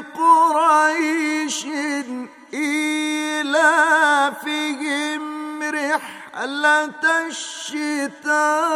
قريش إيلافهم رحلة الشتاء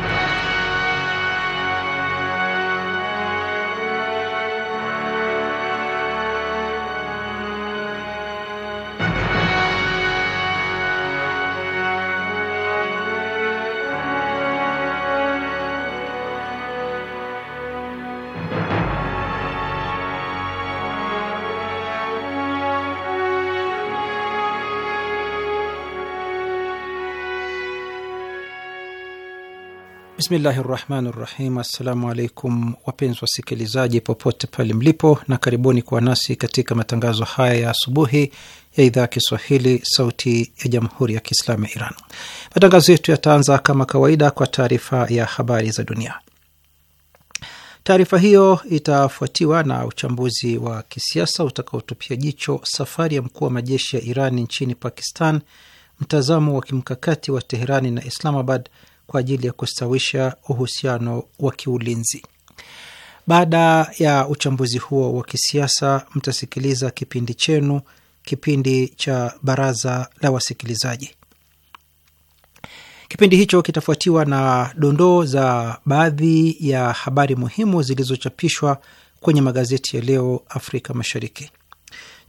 Bismillahi rahmani rahim. Assalamu alaikum wapenzi wasikilizaji popote pale mlipo, na karibuni kuwa nasi katika matangazo haya ya asubuhi ya idhaa ya Kiswahili sauti ya jamhuri ya kiislamu ya Iran. Matangazo yetu yataanza kama kawaida kwa taarifa ya habari za dunia. Taarifa hiyo itafuatiwa na uchambuzi wa kisiasa utakaotupia jicho safari ya mkuu wa majeshi ya Iran nchini Pakistan, mtazamo wa kimkakati wa Teherani na Islamabad kwa ajili ya kustawisha uhusiano wa kiulinzi. Baada ya uchambuzi huo wa kisiasa, mtasikiliza kipindi chenu, kipindi cha baraza la wasikilizaji. Kipindi hicho kitafuatiwa na dondoo za baadhi ya habari muhimu zilizochapishwa kwenye magazeti ya leo Afrika Mashariki.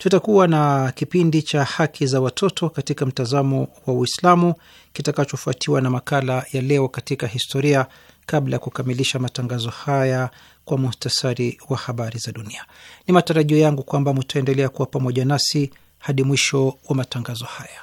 Tutakuwa na kipindi cha haki za watoto katika mtazamo wa Uislamu kitakachofuatiwa na makala ya leo katika historia, kabla ya kukamilisha matangazo haya kwa muhtasari wa habari za dunia. Ni matarajio yangu kwamba mtaendelea kuwa pamoja nasi hadi mwisho wa matangazo haya.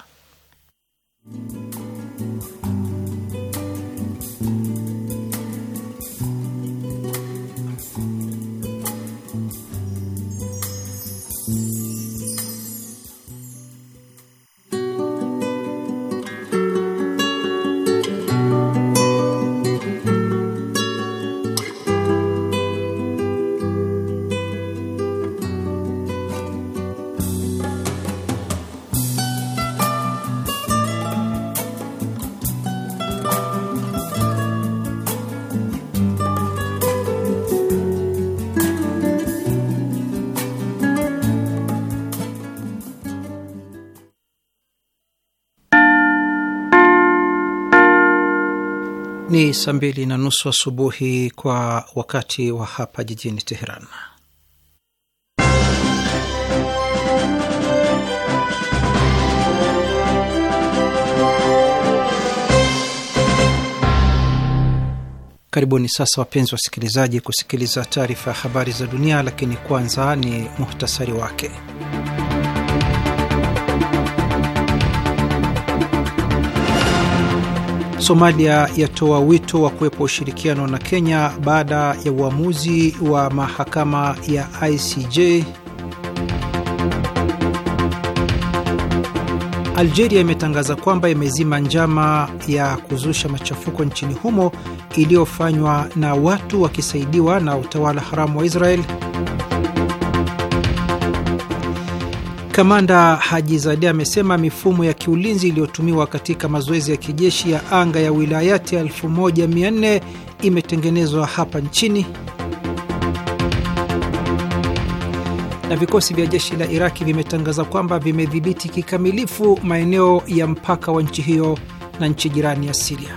Ni saa mbili na nusu asubuhi kwa wakati wa hapa jijini Teheran. Karibuni sasa wapenzi wasikilizaji, kusikiliza taarifa ya habari za dunia, lakini kwanza ni muhtasari wake. Somalia yatoa wito wa kuwepo ushirikiano na Kenya baada ya uamuzi wa mahakama ya ICJ. Algeria imetangaza kwamba imezima njama ya kuzusha machafuko nchini humo iliyofanywa na watu wakisaidiwa na utawala haramu wa Israel. Kamanda Haji Zade amesema mifumo ya kiulinzi iliyotumiwa katika mazoezi ya kijeshi ya anga ya Wilayati 1400 imetengenezwa hapa nchini. Na vikosi vya jeshi la Iraki vimetangaza kwamba vimedhibiti kikamilifu maeneo ya mpaka wa nchi hiyo na nchi jirani ya Siria.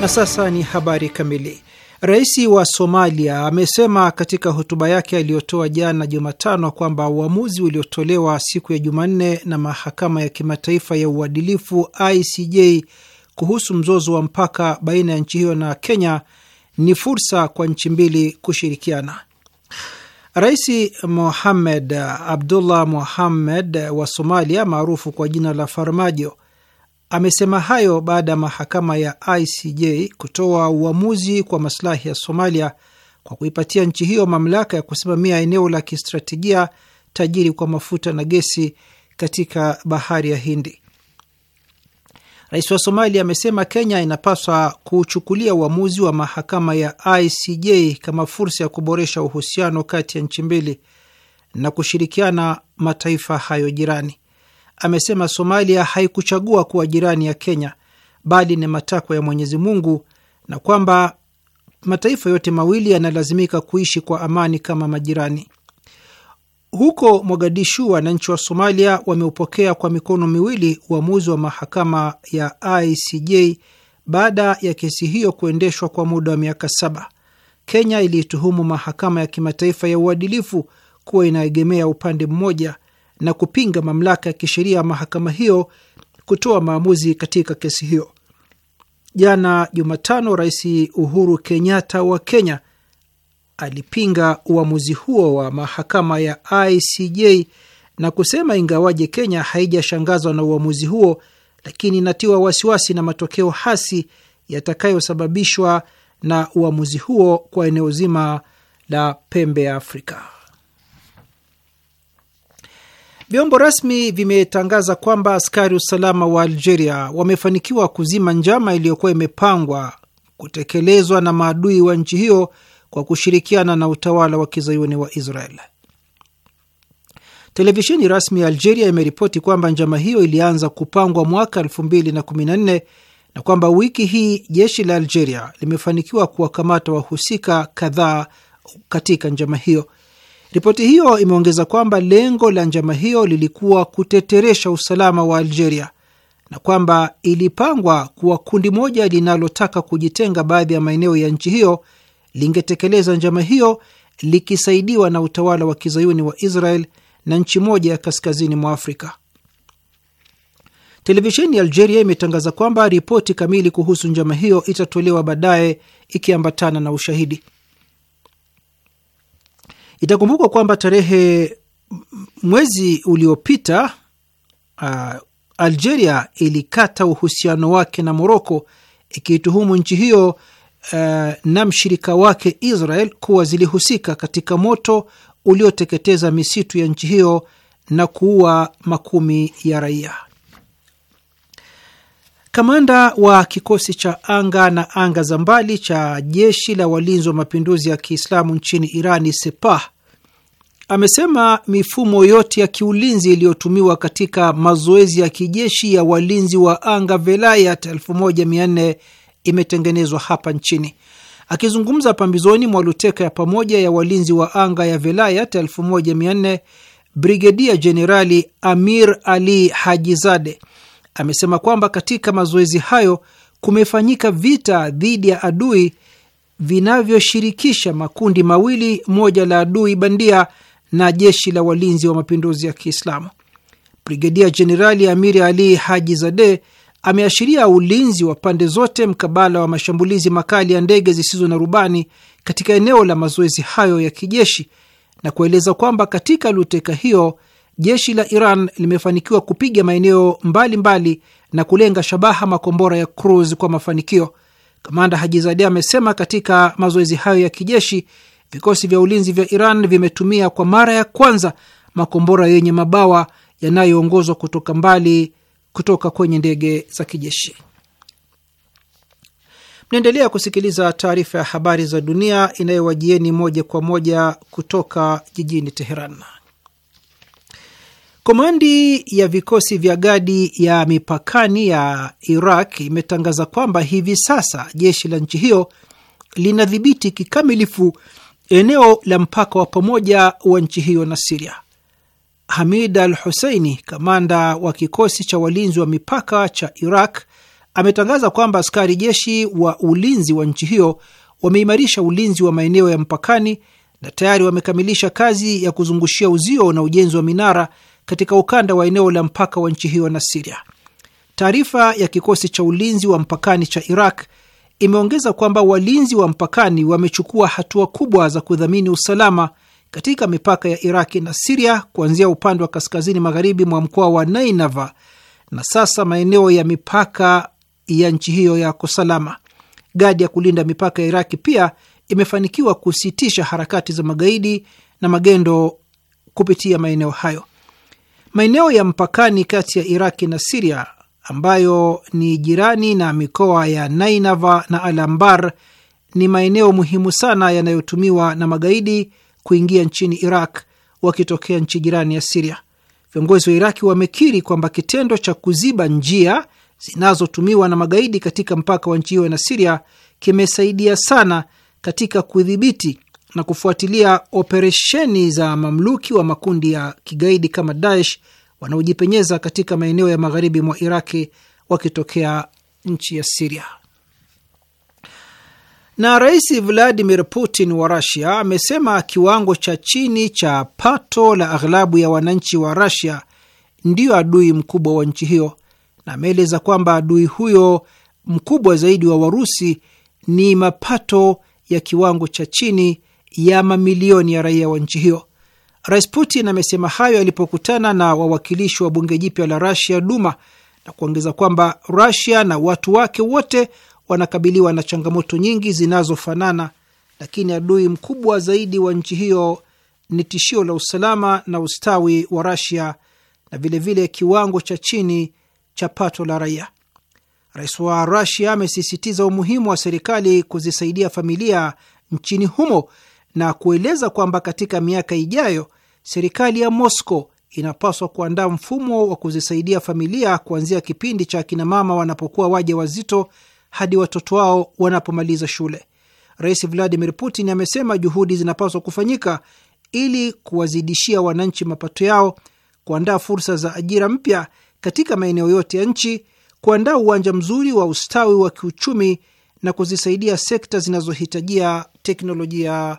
Na sasa ni habari kamili. Rais wa Somalia amesema katika hotuba yake aliyotoa jana Jumatano kwamba uamuzi uliotolewa siku ya Jumanne na mahakama ya kimataifa ya uadilifu ICJ kuhusu mzozo wa mpaka baina ya nchi hiyo na Kenya ni fursa kwa nchi mbili kushirikiana. Rais Mohamed Abdullah Mohamed wa Somalia maarufu kwa jina la Farmajo Amesema hayo baada ya mahakama ya ICJ kutoa uamuzi kwa masilahi ya Somalia kwa kuipatia nchi hiyo mamlaka ya kusimamia eneo la kistratejia tajiri kwa mafuta na gesi katika bahari ya Hindi. Rais wa Somalia amesema Kenya inapaswa kuuchukulia uamuzi wa mahakama ya ICJ kama fursa ya kuboresha uhusiano kati ya nchi mbili na kushirikiana mataifa hayo jirani amesema Somalia haikuchagua kuwa jirani ya Kenya bali ni matakwa ya Mwenyezi Mungu na kwamba mataifa yote mawili yanalazimika kuishi kwa amani kama majirani. Huko Mogadishu, wananchi wa Somalia wameupokea kwa mikono miwili uamuzi wa mahakama ya ICJ baada ya kesi hiyo kuendeshwa kwa muda wa miaka saba. Kenya iliituhumu mahakama ya kimataifa ya uadilifu kuwa inaegemea upande mmoja na kupinga mamlaka ya kisheria ya mahakama hiyo kutoa maamuzi katika kesi hiyo. Jana Jumatano, Rais Uhuru Kenyatta wa Kenya alipinga uamuzi huo wa mahakama ya ICJ na kusema ingawaje Kenya haijashangazwa na uamuzi huo, lakini inatiwa wasiwasi na matokeo hasi yatakayosababishwa na uamuzi huo kwa eneo zima la pembe ya Afrika. Vyombo rasmi vimetangaza kwamba askari usalama wa Algeria wamefanikiwa kuzima njama iliyokuwa imepangwa kutekelezwa na maadui wa nchi hiyo kwa kushirikiana na utawala wa kizayuni wa Israel. Televisheni rasmi ya Algeria imeripoti kwamba njama hiyo ilianza kupangwa mwaka 2014 na kwamba wiki hii jeshi la Algeria limefanikiwa kuwakamata wahusika kadhaa katika njama hiyo. Ripoti hiyo imeongeza kwamba lengo la njama hiyo lilikuwa kuteteresha usalama wa Algeria na kwamba ilipangwa kuwa kundi moja linalotaka kujitenga baadhi ya maeneo ya nchi hiyo lingetekeleza njama hiyo likisaidiwa na utawala wa kizayuni wa Israel na nchi moja ya kaskazini mwa Afrika. Televisheni ya Algeria imetangaza kwamba ripoti kamili kuhusu njama hiyo itatolewa baadaye ikiambatana na ushahidi. Itakumbukwa kwamba tarehe mwezi uliopita uh, Algeria ilikata uhusiano wake na Moroko ikiituhumu nchi hiyo uh, na mshirika wake Israel kuwa zilihusika katika moto ulioteketeza misitu ya nchi hiyo na kuua makumi ya raia. Kamanda wa kikosi cha anga na anga za mbali cha jeshi la walinzi wa mapinduzi ya Kiislamu nchini Irani, Sepah, amesema mifumo yote ya kiulinzi iliyotumiwa katika mazoezi ya kijeshi ya walinzi wa anga Velayat 1400 imetengenezwa hapa nchini. Akizungumza pambizoni mwa luteka ya pamoja ya walinzi wa anga ya Velayat 1400, Brigedia Jenerali Amir Ali Hajizade amesema kwamba katika mazoezi hayo kumefanyika vita dhidi ya adui vinavyoshirikisha makundi mawili, moja la adui bandia na jeshi la walinzi wa mapinduzi ya Kiislamu. Brigedia Jenerali Amiri Ali Haji Zade ameashiria ulinzi wa pande zote mkabala wa mashambulizi makali ya ndege zisizo na rubani katika eneo la mazoezi hayo ya kijeshi na kueleza kwamba katika luteka hiyo jeshi la Iran limefanikiwa kupiga maeneo mbalimbali na kulenga shabaha makombora ya Cruise kwa mafanikio. Kamanda hajizadi amesema katika mazoezi hayo ya kijeshi, vikosi vya ulinzi vya Iran vimetumia kwa mara ya kwanza makombora yenye mabawa yanayoongozwa kutoka mbali kutoka kwenye ndege za kijeshi. Mnaendelea kusikiliza taarifa ya habari za dunia inayowajieni moja kwa moja kutoka jijini Teheran. Komandi ya vikosi vya gadi ya mipakani ya Iraq imetangaza kwamba hivi sasa jeshi la nchi hiyo linadhibiti kikamilifu eneo la mpaka wa pamoja wa nchi hiyo na Siria. Hamid al Huseini, kamanda wa kikosi cha walinzi wa mipaka cha Iraq, ametangaza kwamba askari jeshi wa ulinzi wa nchi hiyo wameimarisha ulinzi wa maeneo ya mpakani na tayari wamekamilisha kazi ya kuzungushia uzio na ujenzi wa minara katika ukanda wa eneo la mpaka wa nchi hiyo na Siria. Taarifa ya kikosi cha ulinzi wa mpakani cha Iraq imeongeza kwamba walinzi wa mpakani wamechukua hatua kubwa za kudhamini usalama katika mipaka ya Iraki na Siria kuanzia upande wa kaskazini magharibi mwa mkoa wa Nainava, na sasa maeneo ya mipaka ya nchi hiyo yako salama. Gadi ya kulinda mipaka ya Iraki pia imefanikiwa kusitisha harakati za magaidi na magendo kupitia maeneo hayo. Maeneo ya mpakani kati ya Iraki na Siria ambayo ni jirani na mikoa ya Nainava na Alambar ni maeneo muhimu sana yanayotumiwa na magaidi kuingia nchini Iraq wakitokea nchi jirani ya Siria. Viongozi wa Iraki wamekiri kwamba kitendo cha kuziba njia zinazotumiwa na magaidi katika mpaka wa nchi hiyo na Siria kimesaidia sana katika kudhibiti na kufuatilia operesheni za mamluki wa makundi ya kigaidi kama Daesh wanaojipenyeza katika maeneo ya magharibi mwa Iraki wakitokea nchi ya Siria. Na Rais Vladimir Putin wa Rasia amesema kiwango cha chini cha pato la aghlabu ya wananchi wa Rasia ndiyo adui mkubwa wa nchi hiyo, na ameeleza kwamba adui huyo mkubwa zaidi wa Warusi ni mapato ya kiwango cha chini ya mamilioni ya raia wa nchi hiyo. Rais Putin amesema hayo alipokutana na wawakilishi wa bunge jipya la Rasia, Duma, na kuongeza kwamba Rasia na watu wake wote wanakabiliwa na changamoto nyingi zinazofanana, lakini adui mkubwa zaidi wa nchi hiyo ni tishio la usalama na ustawi wa Rasia na vilevile vile kiwango cha chini cha pato la raia. Rais wa Rasia amesisitiza umuhimu wa serikali kuzisaidia familia nchini humo na kueleza kwamba katika miaka ijayo serikali ya Moscow inapaswa kuandaa mfumo wa kuzisaidia familia kuanzia kipindi cha akinamama wanapokuwa waja wazito hadi watoto wao wanapomaliza shule. Rais Vladimir Putin amesema juhudi zinapaswa kufanyika ili kuwazidishia wananchi mapato yao, kuandaa fursa za ajira mpya katika maeneo yote ya nchi, kuandaa uwanja mzuri wa ustawi wa kiuchumi na kuzisaidia sekta zinazohitajia teknolojia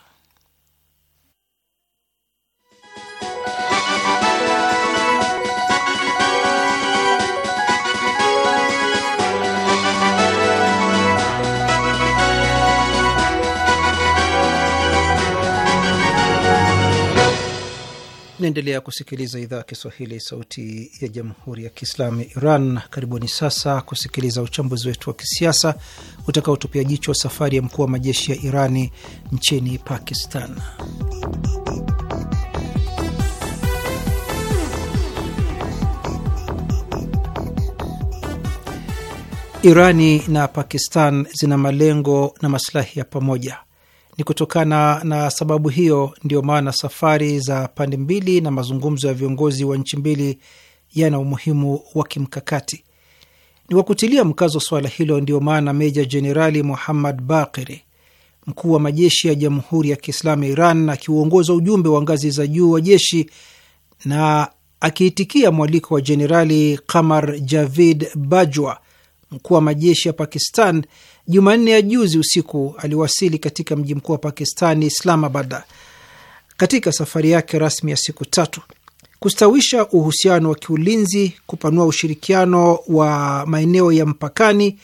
Mnaendelea kusikiliza idhaa ya Kiswahili, sauti ya jamhuri ya kiislamu ya Iran. Karibuni sasa kusikiliza uchambuzi wetu wa kisiasa utakaotupia jicho safari ya mkuu wa majeshi ya Irani nchini Pakistan. Irani na Pakistan zina malengo na masilahi ya pamoja ni kutokana na sababu hiyo ndiyo maana safari za pande mbili na mazungumzo ya viongozi wa nchi mbili yana umuhimu wa kimkakati. Ni wa kutilia mkazo swala hilo, ndiyo maana Meja Jenerali Muhammad Bakiri, mkuu wa majeshi ya Jamhuri ya Kiislamu ya Iran, akiuongoza ujumbe wa ngazi za juu wa jeshi na akiitikia mwaliko wa Jenerali Kamar Javid Bajwa, mkuu wa majeshi ya Pakistan Jumanne ya juzi usiku aliwasili katika mji mkuu wa Pakistani, Islamabad, katika safari yake rasmi ya siku tatu. Kustawisha uhusiano wa kiulinzi, kupanua ushirikiano wa maeneo ya mpakani,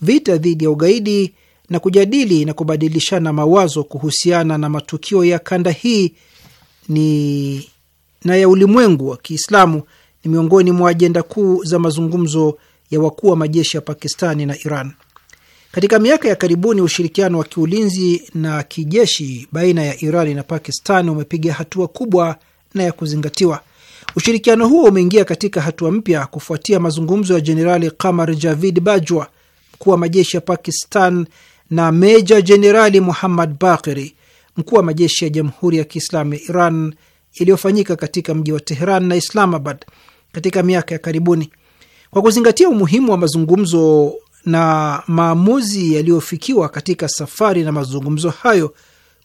vita dhidi ya ugaidi na kujadili na kubadilishana mawazo kuhusiana na matukio ya kanda hii ni na ya ulimwengu wa Kiislamu ni miongoni mwa ajenda kuu za mazungumzo ya wakuu wa majeshi ya Pakistani na Iran. Katika miaka ya karibuni ushirikiano wa kiulinzi na kijeshi baina ya Iran na Pakistan umepiga hatua kubwa na ya kuzingatiwa. Ushirikiano huo umeingia katika hatua mpya kufuatia mazungumzo ya Jenerali Kamar Javid Bajwa, mkuu wa majeshi ya Pakistan, na Meja Jenerali Muhammad Bakiri, mkuu wa majeshi ya Jamhuri ya Kiislamu ya Iran, iliyofanyika katika mji wa Teheran na Islamabad katika miaka ya karibuni. Kwa kuzingatia umuhimu wa mazungumzo na maamuzi yaliyofikiwa katika safari na mazungumzo hayo.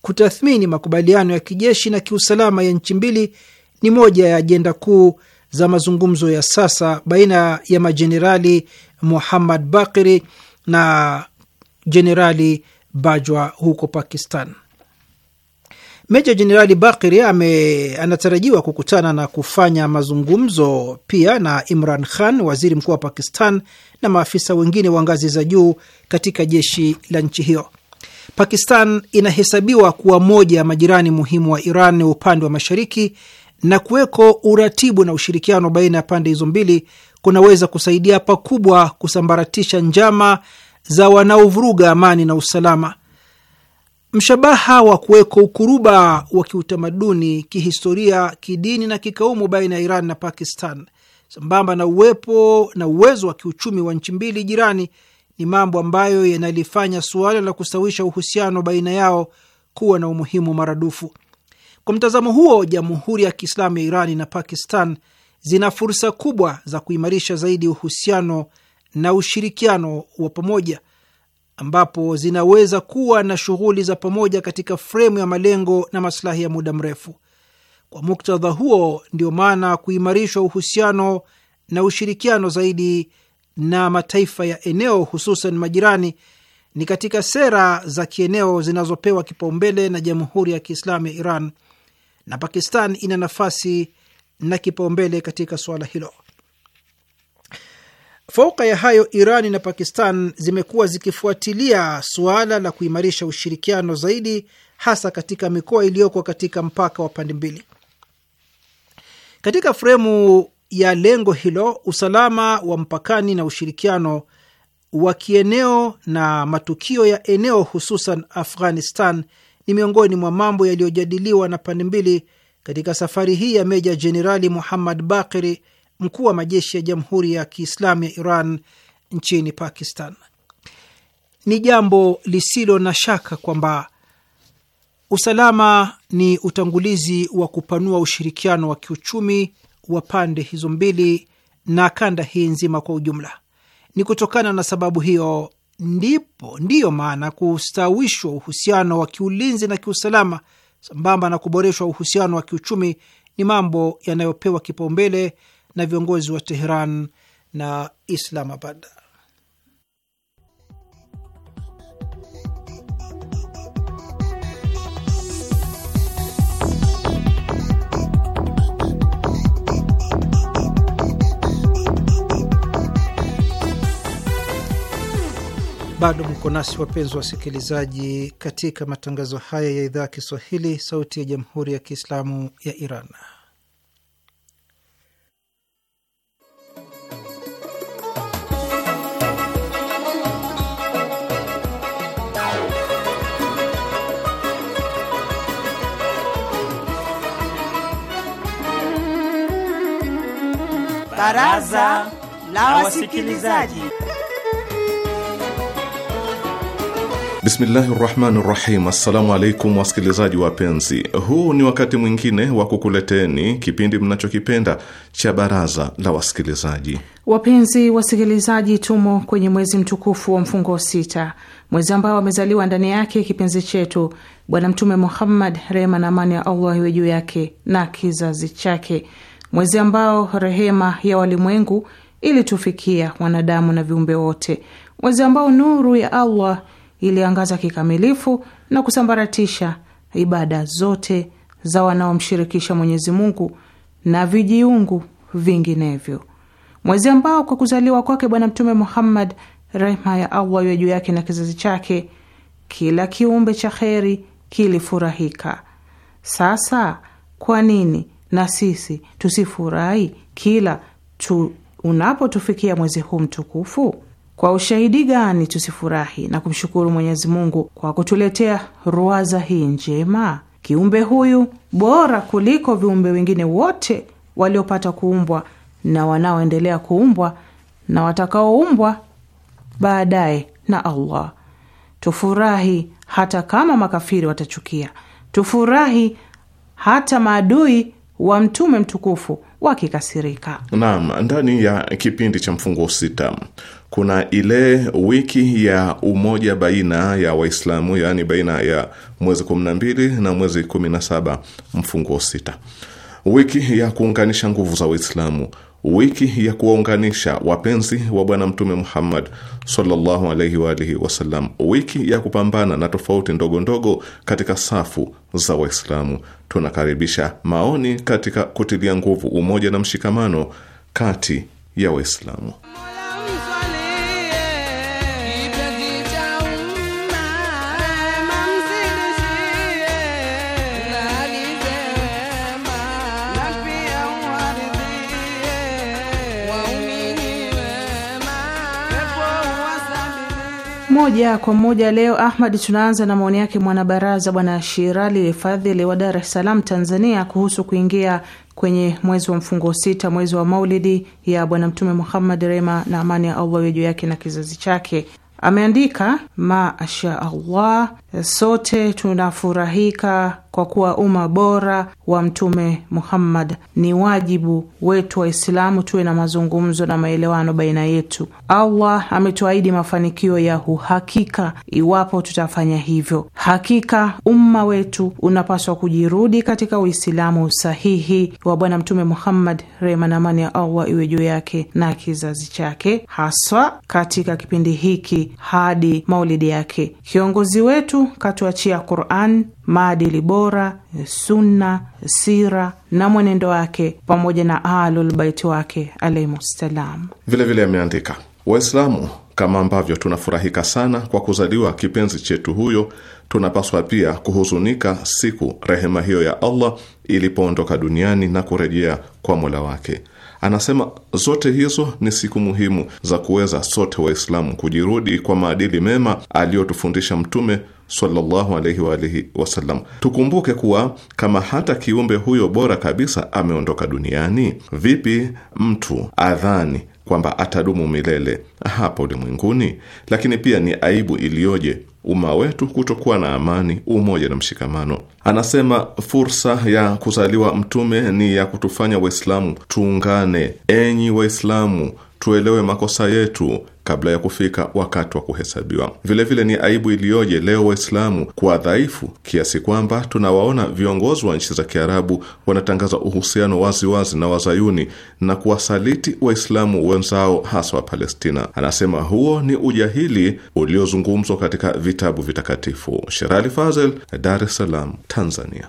Kutathmini makubaliano ya kijeshi na kiusalama ya nchi mbili ni moja ya ajenda kuu za mazungumzo ya sasa baina ya majenerali Muhammad Bakiri na jenerali Bajwa huko Pakistan. Meja Jenerali Bakiri anatarajiwa kukutana na kufanya mazungumzo pia na Imran Khan, waziri mkuu wa Pakistan, na maafisa wengine wa ngazi za juu katika jeshi la nchi hiyo. Pakistan inahesabiwa kuwa moja ya majirani muhimu wa Iran upande wa mashariki, na kuweko uratibu na ushirikiano baina ya pande hizo mbili kunaweza kusaidia pakubwa kusambaratisha njama za wanaovuruga amani na usalama Mshabaha wa kuweko ukuruba wa kiutamaduni, kihistoria, kidini na kikaumu baina ya Iran na Pakistan sambamba na uwepo na uwezo wa kiuchumi wa nchi mbili jirani ni mambo ambayo yanalifanya suala la kustawisha uhusiano baina yao kuwa na umuhimu maradufu. Kwa mtazamo huo, Jamhuri ya Kiislamu ya Irani na Pakistan zina fursa kubwa za kuimarisha zaidi uhusiano na ushirikiano wa pamoja ambapo zinaweza kuwa na shughuli za pamoja katika fremu ya malengo na masilahi ya muda mrefu. Kwa muktadha huo, ndio maana kuimarishwa uhusiano na ushirikiano zaidi na mataifa ya eneo, hususan majirani, ni katika sera za kieneo zinazopewa kipaumbele na Jamhuri ya Kiislamu ya Iran, na Pakistan ina nafasi na kipaumbele katika suala hilo. Fauka ya hayo, Irani na Pakistan zimekuwa zikifuatilia suala la kuimarisha ushirikiano zaidi, hasa katika mikoa iliyoko katika mpaka wa pande mbili. Katika fremu ya lengo hilo, usalama wa mpakani na ushirikiano wa kieneo na matukio ya eneo, hususan Afghanistan, ni miongoni mwa mambo yaliyojadiliwa na pande mbili katika safari hii ya Meja Jenerali Muhammad Bakiri mkuu wa majeshi ya Jamhuri ya Kiislamu ya Iran nchini Pakistan. Ni jambo lisilo na shaka kwamba usalama ni utangulizi wa kupanua ushirikiano wa kiuchumi wa pande hizo mbili na kanda hii nzima kwa ujumla. Ni kutokana na sababu hiyo ndipo ndiyo maana kustawishwa uhusiano wa kiulinzi na kiusalama sambamba na kuboreshwa uhusiano wa kiuchumi ni mambo yanayopewa kipaumbele na viongozi wa Teheran na Islamabad. Bado mko nasi wapenzi wasikilizaji, katika matangazo haya ya idhaa ya Kiswahili, sauti ya jamhuri ya kiislamu ya Iran. Baraza la Wasikilizaji. Bismillahi rahmani rahim. Assalamu alaikum wasikilizaji wapenzi, huu ni wakati mwingine wa kukuleteni kipindi mnachokipenda cha baraza la wasikilizaji. Wapenzi wasikilizaji, tumo kwenye mwezi mtukufu wa mfungo sita, mwezi ambao amezaliwa ndani yake kipenzi chetu Bwana Mtume Muhammad, rehma na amani ya Allah iwe juu yake na kizazi chake mwezi ambao rehema ya walimwengu ilitufikia wanadamu na viumbe wote, mwezi ambao nuru ya Allah iliangaza kikamilifu na kusambaratisha ibada zote za wanaomshirikisha Mwenyezi Mungu na vijiungu vinginevyo, mwezi ambao kwa kuzaliwa kwake Bwana Mtume Muhammad, rehma ya Allah iwe juu yake na kizazi chake, kila kiumbe cha kheri kilifurahika. Sasa kwa nini na sisi tusifurahi kila tu unapotufikia mwezi huu mtukufu? Kwa ushahidi gani tusifurahi na kumshukuru Mwenyezi Mungu kwa kutuletea ruwaza hii njema? Kiumbe huyu bora kuliko viumbe wengine wote waliopata kuumbwa na wanaoendelea kuumbwa na watakaoumbwa baadaye na Allah. Tufurahi hata kama makafiri watachukia, tufurahi hata maadui wa mtume mtukufu wakikasirika. Naam, ndani ya kipindi cha mfungo sita kuna ile wiki ya umoja baina ya Waislamu, yaani baina ya mwezi kumi na mbili na mwezi kumi na saba mfungo sita, wiki ya kuunganisha nguvu za Waislamu wiki ya kuwaunganisha wapenzi wa Bwana Mtume Muhammad sallallahu alaihi wa alihi wasallam, wiki ya kupambana na tofauti ndogo ndogo katika safu za Waislamu. Tunakaribisha maoni katika kutilia nguvu umoja na mshikamano kati ya Waislamu. moja kwa moja leo, Ahmad, tunaanza na maoni yake mwanabaraza Bwana Shirali Fadhili wa Dar es Salaam, Tanzania, kuhusu kuingia kwenye mwezi wa mfungo sita, mwezi wa maulidi ya Bwana Mtume Muhammad, rehma na amani ya Allah juu yake na kizazi chake. Ameandika: mashaallah Sote tunafurahika kwa kuwa umma bora wa Mtume Muhammad. Ni wajibu wetu Waislamu tuwe na mazungumzo na maelewano baina yetu. Allah ametuahidi mafanikio ya uhakika iwapo tutafanya hivyo. Hakika umma wetu unapaswa kujirudi katika Uislamu sahihi wa Bwana Mtume Muhammad, rehma na amani ya Allah iwe juu yake na kizazi chake, haswa katika kipindi hiki hadi maulidi yake. Kiongozi wetu katuachia Quran, maadili bora, sunna, sira na mwenendo wake, pamoja na Ahlulbaiti wake alaihimussalam. Vilevile ameandika Waislamu kama ambavyo tunafurahika sana kwa kuzaliwa kipenzi chetu huyo, tunapaswa pia kuhuzunika siku rehema hiyo ya Allah ilipoondoka duniani na kurejea kwa mola wake. Anasema zote hizo ni siku muhimu za kuweza sote Waislamu kujirudi kwa maadili mema aliyotufundisha Mtume sallallahu alaihi wa alihi wasallam. Tukumbuke kuwa kama hata kiumbe huyo bora kabisa ameondoka duniani, vipi mtu adhani kwamba atadumu milele hapa ulimwenguni? Lakini pia ni aibu iliyoje umma wetu kutokuwa na amani, umoja na mshikamano. Anasema fursa ya kuzaliwa mtume ni ya kutufanya Waislamu tuungane. Enyi Waislamu, tuelewe makosa yetu kabla ya kufika wakati wa kuhesabiwa. Vilevile vile ni aibu iliyoje leo Waislamu kuwa dhaifu kiasi kwamba tunawaona viongozi wa nchi za Kiarabu wanatangaza uhusiano waziwazi wazi na wazayuni na kuwasaliti Waislamu wenzao hasa wa Palestina. Anasema huo ni ujahili uliozungumzwa katika vitabu vitakatifu. Sherali Fazel, Dar es Salaam, Tanzania.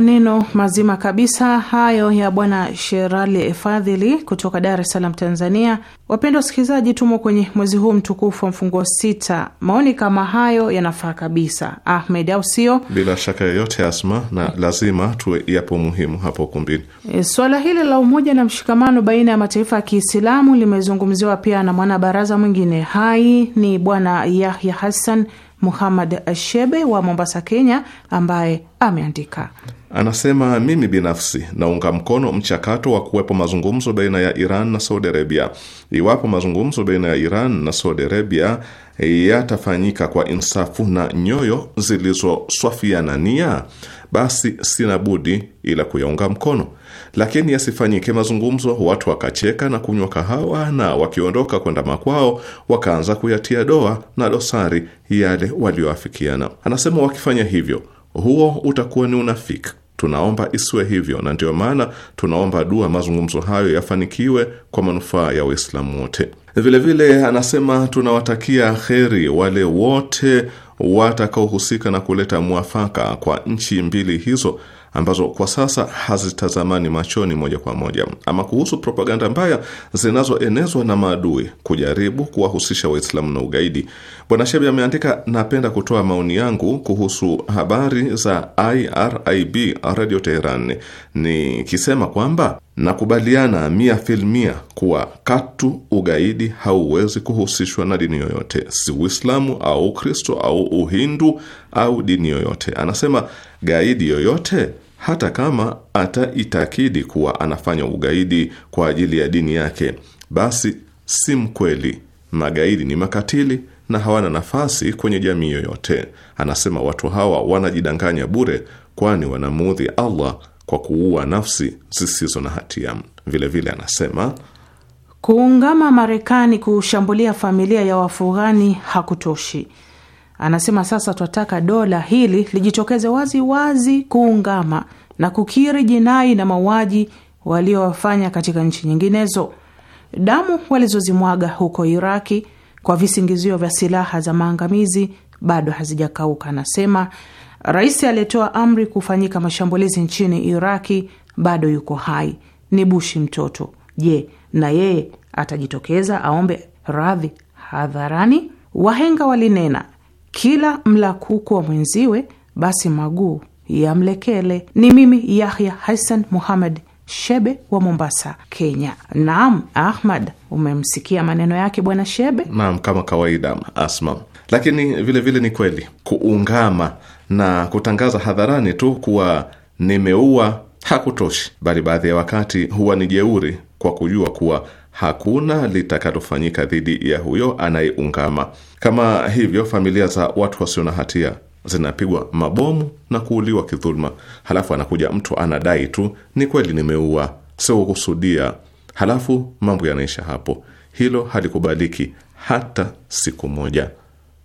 maneno mazima kabisa hayo ya bwana Sherali Fadhili kutoka Dar es Salaam, Tanzania. Wapendwa wasikilizaji, tumo kwenye mwezi huu mtukufu wa mfungo sita. Maoni kama hayo yanafaa kabisa, Ahmed, au sio? Bila shaka yoyote, Asma, na lazima tu yapo muhimu hapo ukumbini. E, swala hili la umoja na mshikamano baina ya mataifa ya Kiislamu limezungumziwa pia na mwanabaraza mwingine hai ni bwana Yahya Hassan Muhammad Ashebe wa Mombasa, Kenya, ambaye ameandika Anasema mimi binafsi naunga mkono mchakato wa kuwepo mazungumzo baina ya Iran na Saudi Arabia. Iwapo mazungumzo baina ya Iran na Saudi Arabia yatafanyika kwa insafu na nyoyo zilizoswafiana nia, basi sina budi ila kuyaunga mkono, lakini yasifanyike mazungumzo watu wakacheka na kunywa kahawa, na wakiondoka kwenda makwao wakaanza kuyatia doa na dosari yale walioafikiana. Anasema wakifanya hivyo huo utakuwa ni unafiki. Tunaomba isiwe hivyo, na ndiyo maana tunaomba dua mazungumzo hayo yafanikiwe kwa manufaa ya Waislamu wote. Vilevile anasema tunawatakia kheri wale wote watakaohusika na kuleta mwafaka kwa nchi mbili hizo ambazo kwa sasa hazitazamani machoni moja kwa moja. Ama kuhusu propaganda mbaya zinazoenezwa na maadui kujaribu kuwahusisha Waislamu na ugaidi, Bwana Shebi ameandika, napenda kutoa maoni yangu kuhusu habari za IRIB Radio Teheran nikisema kwamba nakubaliana mia filmia kuwa katu ugaidi hauwezi kuhusishwa na dini yoyote, si Uislamu au Ukristo au Uhindu au dini yoyote. Anasema gaidi yoyote, hata kama ataitakidi kuwa anafanya ugaidi kwa ajili ya dini yake, basi si mkweli. Magaidi ni makatili na hawana nafasi kwenye jamii yoyote. Anasema watu hawa wanajidanganya bure, kwani wanamuudhi Allah kwa kuua nafsi zisizo na hatia. Vilevile anasema kuungama Marekani kushambulia familia ya wafughani hakutoshi. Anasema sasa twataka dola hili lijitokeze wazi wazi kuungama na kukiri jinai na mauaji waliowafanya katika nchi nyinginezo. Damu walizozimwaga huko Iraki kwa visingizio vya silaha za maangamizi bado hazijakauka, anasema Rais aliyetoa amri kufanyika mashambulizi nchini Iraki bado yuko hai, ni Bushi mtoto. Je, na yeye atajitokeza aombe radhi hadharani? Wahenga walinena kila mla kuku wa mwenziwe, basi maguu yamlekele. Ni mimi Yahya Hassan Muhammad Shebe wa Mombasa, Kenya. Naam, Ahmad, umemsikia maneno yake bwana Shebe. Naam, kama kawaida Asma. Lakini vilevile vile ni kweli kuungama na kutangaza hadharani tu kuwa nimeua hakutoshi, bali baadhi ya wakati huwa ni jeuri kwa kujua kuwa hakuna litakalofanyika dhidi ya huyo anayeungama. Kama hivyo, familia za watu wasio na hatia zinapigwa mabomu na kuuliwa kidhuluma, halafu anakuja mtu anadai tu, ni kweli nimeua, sio kukusudia, halafu mambo yanaisha hapo. Hilo halikubaliki hata siku moja,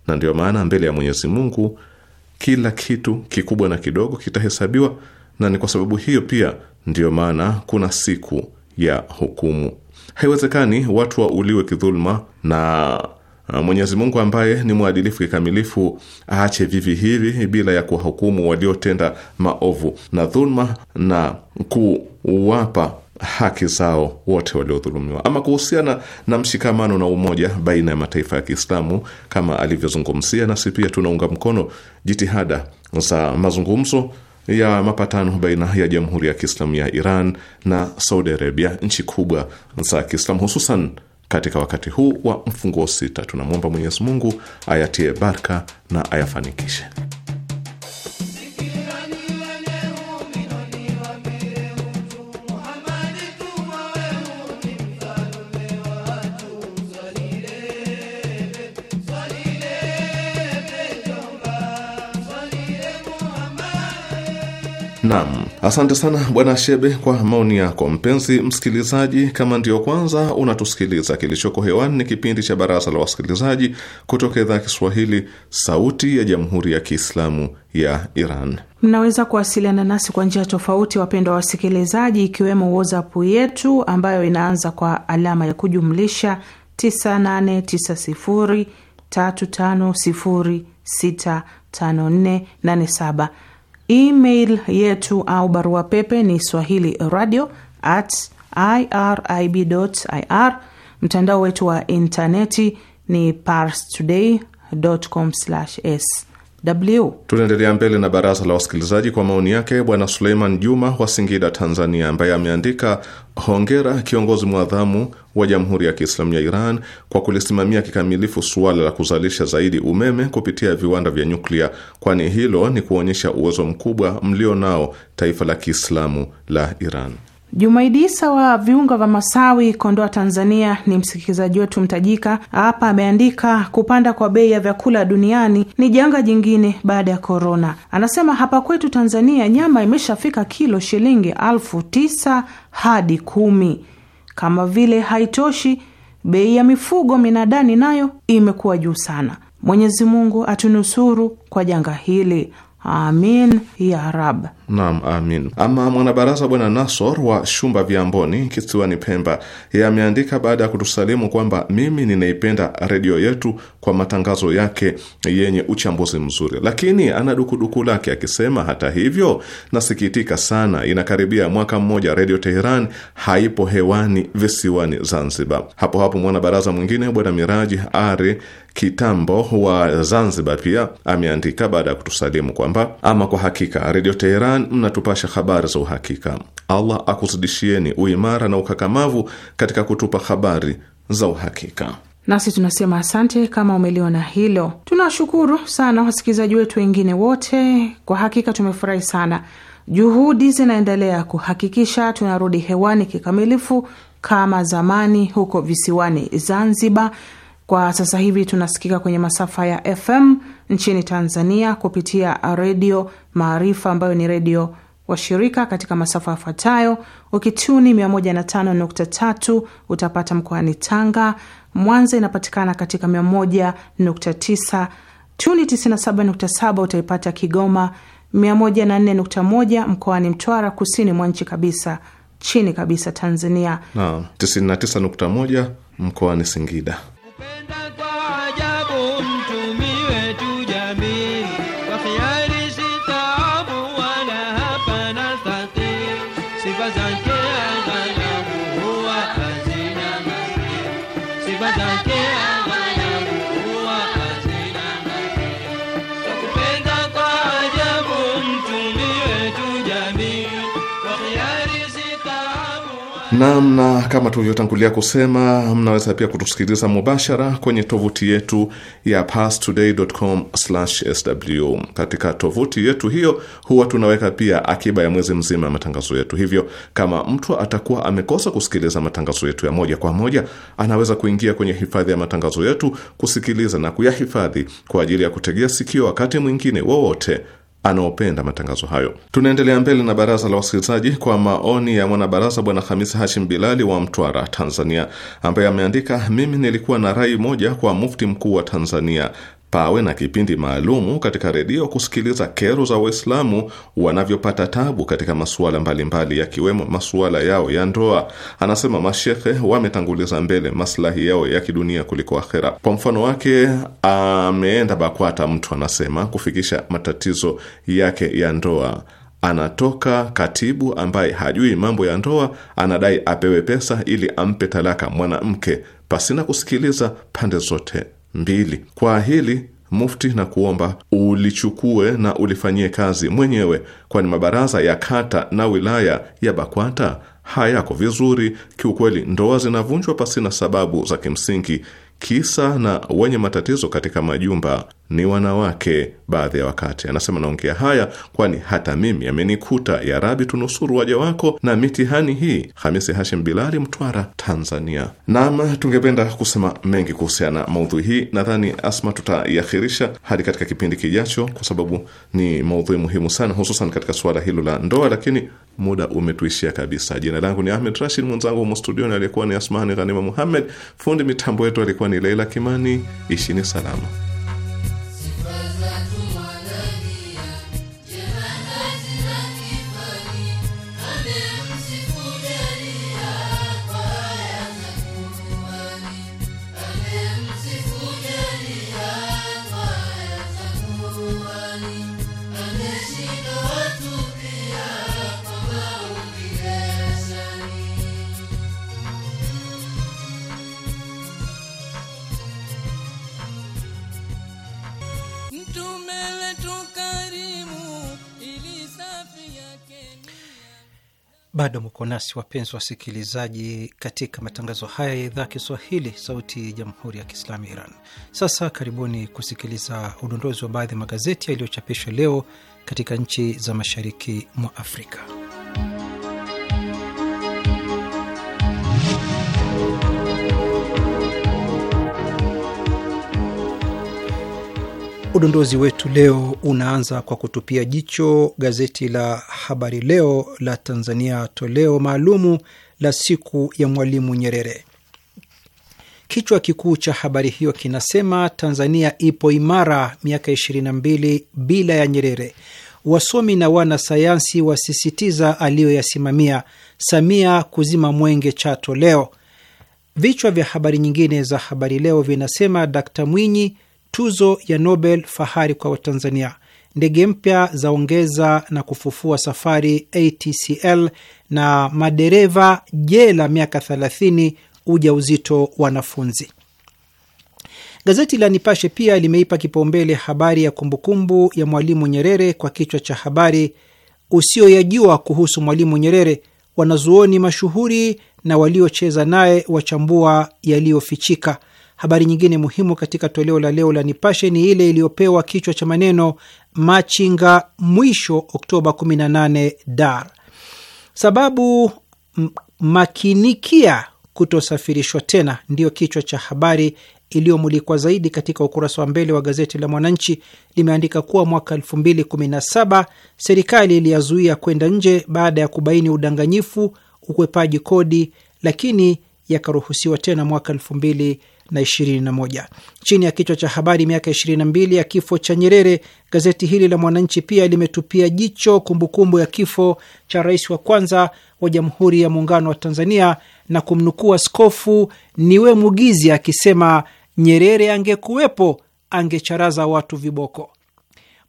na ndiyo maana mbele ya Mwenyezi Mungu kila kitu kikubwa na kidogo kitahesabiwa, na ni kwa sababu hiyo pia ndiyo maana kuna siku ya hukumu. Haiwezekani watu wauliwe kidhuluma na uh, Mwenyezi Mungu ambaye ni mwadilifu kikamilifu aache vivi hivi bila ya kuwahukumu waliotenda maovu na dhuluma na kuwapa haki zao wote waliodhulumiwa. Ama kuhusiana na mshikamano na umoja baina ya mataifa ya Kiislamu kama alivyozungumzia, nasi pia tunaunga mkono jitihada za mazungumzo ya mapatano baina ya Jamhuri ya Kiislamu ya Iran na Saudi Arabia, nchi kubwa za Kiislamu, hususan katika wakati huu wa mfungo sita. Tunamwomba Mwenyezi Mungu ayatie barka na ayafanikishe. Naam, asante sana bwana Shebe kwa maoni yako. Mpenzi msikilizaji, kama ndiyo kwanza unatusikiliza, kilichoko hewani ni kipindi cha Baraza la Wasikilizaji kutoka idhaa ya Kiswahili, Sauti ya Jamhuri ya Kiislamu ya Iran. Mnaweza kuwasiliana nasi kwa njia tofauti, wapendwa wasikilizaji, ikiwemo WhatsApp yetu ambayo inaanza kwa alama ya kujumlisha 989035065487 Email yetu au barua pepe ni swahili radio at irib ir. Mtandao wetu wa intaneti ni pars today com sw. Tunaendelea mbele na baraza la wasikilizaji kwa maoni yake Bwana Suleiman Juma wa Singida, Tanzania, ambaye ameandika hongera kiongozi mwadhamu wa Jamhuri ya Kiislamu ya Iran kwa kulisimamia kikamilifu suala la kuzalisha zaidi umeme kupitia viwanda vya nyuklia, kwani hilo ni kuonyesha uwezo mkubwa mlio nao taifa la Kiislamu la Iran. Jumaidi Isa wa viunga vya Masawi, Kondoa, Tanzania, ni msikilizaji wetu mtajika. Hapa ameandika kupanda kwa bei ya vyakula duniani ni janga jingine baada ya korona. Anasema hapa kwetu Tanzania nyama imeshafika kilo shilingi alfu tisa hadi kumi. Kama vile haitoshi, bei ya mifugo minadani nayo imekuwa juu sana. Mwenyezi Mungu atunusuru kwa janga hili, amin ya rab. Naam, amin. Ama mwanabaraza bwana Nasor wa Shumba Viamboni kisiwani Pemba, yeye ameandika baada ya kutusalimu kwamba mimi ninaipenda redio yetu kwa matangazo yake yenye uchambuzi mzuri, lakini ana dukuduku lake akisema, hata hivyo, nasikitika sana, inakaribia mwaka mmoja redio Teheran haipo hewani visiwani Zanzibar. Hapo hapo mwanabaraza mwingine bwana Miraji Ari Kitambo wa Zanzibar pia ameandika baada ya kutusalimu kwamba ama kwa hakika redio Teheran Iran mnatupasha habari za uhakika. Allah akuzidishieni uimara na ukakamavu katika kutupa habari za uhakika. Nasi tunasema asante kama umeliona hilo. Tunashukuru sana wasikilizaji wetu wengine wote, kwa hakika tumefurahi sana. Juhudi zinaendelea kuhakikisha tunarudi hewani kikamilifu kama zamani huko visiwani Zanzibar. Kwa sasa hivi tunasikika kwenye masafa ya FM nchini Tanzania kupitia redio Maarifa ambayo ni redio washirika katika masafa yafuatayo: ukituni 105.3 utapata mkoani Tanga. Mwanza inapatikana katika 101.9. Tuni 97.7 utaipata Kigoma, 104.1 mkoani Mtwara, kusini mwa nchi kabisa, chini kabisa Tanzania, na 99.1 mkoani Singida. Naam, na kama tulivyotangulia kusema, mnaweza pia kutusikiliza mubashara kwenye tovuti yetu ya pastoday.com/sw. Katika tovuti yetu hiyo huwa tunaweka pia akiba ya mwezi mzima ya matangazo yetu, hivyo kama mtu atakuwa amekosa kusikiliza matangazo yetu ya moja kwa moja, anaweza kuingia kwenye hifadhi ya matangazo yetu, kusikiliza na kuyahifadhi kwa ajili ya kutegea sikio wakati mwingine wowote anaopenda matangazo hayo. Tunaendelea mbele na baraza la wasikilizaji kwa maoni ya mwanabaraza Bwana Hamisi Hashim Bilali wa Mtwara, Tanzania, ambaye ameandika, mimi nilikuwa na rai moja kwa mufti mkuu wa Tanzania pawe na kipindi maalumu katika redio kusikiliza kero za Waislamu wanavyopata tabu katika masuala mbalimbali yakiwemo masuala yao ya ndoa. Anasema mashekhe wametanguliza mbele maslahi yao ya kidunia kuliko akhera. Kwa mfano wake, ameenda BAKWATA mtu anasema kufikisha matatizo yake ya ndoa anatoka katibu ambaye hajui mambo ya ndoa, anadai apewe pesa ili ampe talaka mwanamke pasina kusikiliza pande zote mbili. Kwa hili Mufti na kuomba ulichukue na ulifanyie kazi mwenyewe, kwani mabaraza ya kata na wilaya ya BAKWATA hayako vizuri kiukweli. Ndoa zinavunjwa pasina sababu za kimsingi, kisa na wenye matatizo katika majumba ni wanawake baadhi ya wakati. Anasema naongea haya kwani hata mimi amenikuta. Ya Rabi, tunusuru waja wako na mitihani hii. Hamisi Hashim Bilali, Mtwara, Tanzania. Naam, tungependa kusema mengi kuhusiana na maudhui hii. Nadhani Asma, tutaiakhirisha hadi katika kipindi kijacho, kwa sababu ni maudhui muhimu sana, hususan katika suala hilo la ndoa, lakini muda umetuishia kabisa. Jina langu ni Ahmed Rashid, mwenzangu humo studioni aliyekuwa ni Asmani Ghanima Muhammed, fundi mitambo yetu alikuwa ni Leila Kimani. Ishini salama. Bado mko nasi wapenzi wasikilizaji, katika matangazo haya ya idhaa Kiswahili sauti ya jamhuri ya kiislamu Iran. Sasa karibuni kusikiliza udondozi wa baadhi ya magazeti yaliyochapishwa leo katika nchi za mashariki mwa Afrika. Udondozi wetu leo unaanza kwa kutupia jicho gazeti la Habari Leo la Tanzania, toleo maalumu la siku ya Mwalimu Nyerere. Kichwa kikuu cha habari hiyo kinasema Tanzania ipo imara miaka 22 bila ya Nyerere. Wasomi na wanasayansi wasisitiza aliyoyasimamia. Samia kuzima mwenge Chato leo. Vichwa vya habari nyingine za Habari Leo vinasema Dkt Mwinyi Tuzo ya Nobel, fahari kwa Watanzania. Ndege mpya zaongeza na kufufua safari ATCL na madereva jela miaka 30 ujauzito wanafunzi. Gazeti la Nipashe pia limeipa kipaumbele habari ya kumbukumbu ya Mwalimu Nyerere kwa kichwa cha habari usiyoyajua kuhusu Mwalimu Nyerere, wanazuoni mashuhuri na waliocheza naye wachambua yaliyofichika. Habari nyingine muhimu katika toleo la leo la Nipashe ni ile iliyopewa kichwa cha maneno machinga mwisho Oktoba 18 Dar, sababu makinikia kutosafirishwa tena, ndiyo kichwa cha habari iliyomulikwa zaidi katika ukurasa wa mbele wa gazeti la Mwananchi. Limeandika kuwa mwaka 2017 serikali iliyazuia kwenda nje baada ya kubaini udanganyifu, ukwepaji kodi, lakini yakaruhusiwa tena mwaka 2020 na moja. Chini ya kichwa cha habari miaka 22 ya kifo cha Nyerere, gazeti hili la Mwananchi pia limetupia jicho kumbukumbu ya kifo cha rais wa kwanza wa Jamhuri ya Muungano wa Tanzania na kumnukuu Askofu Niwe Mugizi akisema Nyerere angekuwepo angecharaza watu viboko.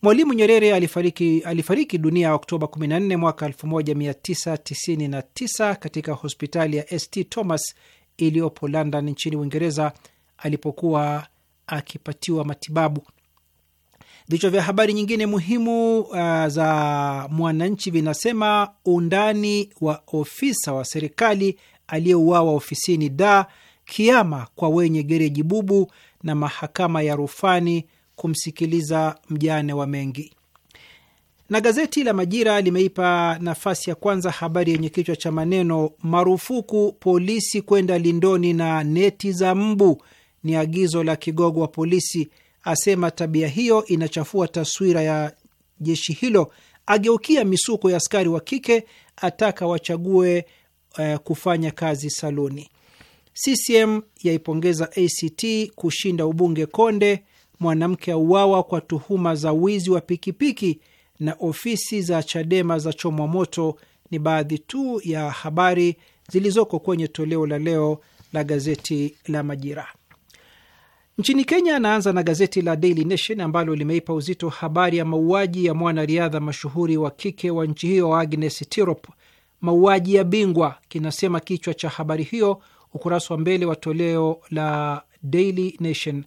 Mwalimu Nyerere alifariki, alifariki dunia Oktoba 14 mwaka 1999 katika hospitali ya St Thomas iliyopo London nchini Uingereza alipokuwa akipatiwa matibabu. Vichwa vya habari nyingine muhimu uh, za Mwananchi vinasema undani wa ofisa wa serikali aliyeuawa ofisini da kiama kwa wenye gereji bubu, na mahakama ya rufani kumsikiliza mjane wa Mengi. Na gazeti la Majira limeipa nafasi ya kwanza habari yenye kichwa cha maneno marufuku polisi kwenda lindoni na neti za mbu, ni agizo la kigogo wa polisi, asema tabia hiyo inachafua taswira ya jeshi hilo, ageukia misuko ya askari wa kike, ataka wachague uh, kufanya kazi saluni. CCM yaipongeza ACT kushinda ubunge Konde. Mwanamke auawa kwa tuhuma za wizi wa pikipiki na ofisi za Chadema za chomwa moto ni baadhi tu ya habari zilizoko kwenye toleo la leo la gazeti la Majira. Nchini Kenya, anaanza na gazeti la Daily Nation ambalo limeipa uzito habari ya mauaji ya mwanariadha mashuhuri wa kike wa nchi hiyo Agnes Tirop. Mauaji ya bingwa, kinasema kichwa cha habari hiyo, ukurasa wa mbele wa toleo la Daily Nation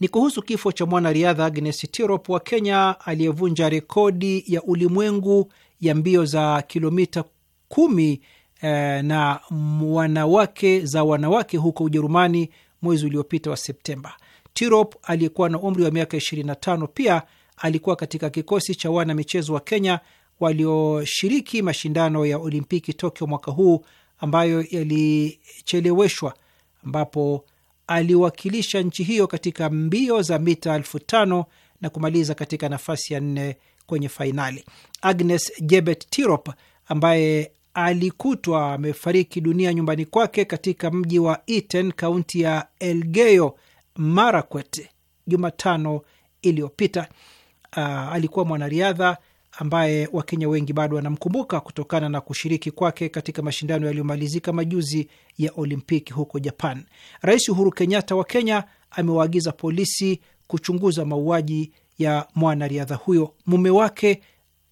ni kuhusu kifo cha mwanariadha Agnes Tirop wa Kenya aliyevunja rekodi ya ulimwengu ya mbio za kilomita kumi eh, na wanawake za wanawake huko Ujerumani mwezi uliopita wa Septemba. Tirop aliyekuwa na umri wa miaka 25 pia alikuwa katika kikosi cha wanamichezo wa Kenya walioshiriki mashindano ya Olimpiki Tokyo mwaka huu ambayo yalicheleweshwa ambapo aliwakilisha nchi hiyo katika mbio za mita elfu tano na kumaliza katika nafasi ya nne kwenye fainali. Agnes Jebet Tirop ambaye alikutwa amefariki dunia nyumbani kwake katika mji wa Iten, kaunti ya Elgeyo Marakwet Jumatano iliyopita. Uh, alikuwa mwanariadha ambaye Wakenya wengi bado wanamkumbuka kutokana na kushiriki kwake katika mashindano yaliyomalizika majuzi ya Olimpiki huko Japan. Rais Uhuru Kenyatta wa Kenya amewaagiza polisi kuchunguza mauaji ya mwanariadha huyo. Mume wake